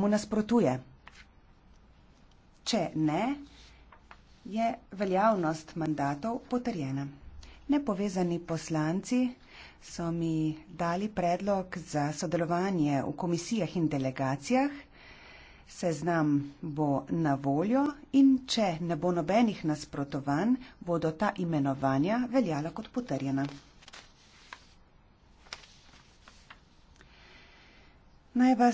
mu nasprotuje? Če ne, je veljavnost mandatov potrjena. Nepovezani poslanci so mi dali predlog za sodelovanje v komisijah in delegacijah. Seznam bo na voljo in če ne bo nobenih nasprotovanj, bodo ta imenovanja veljala kot potrjena. Naj vas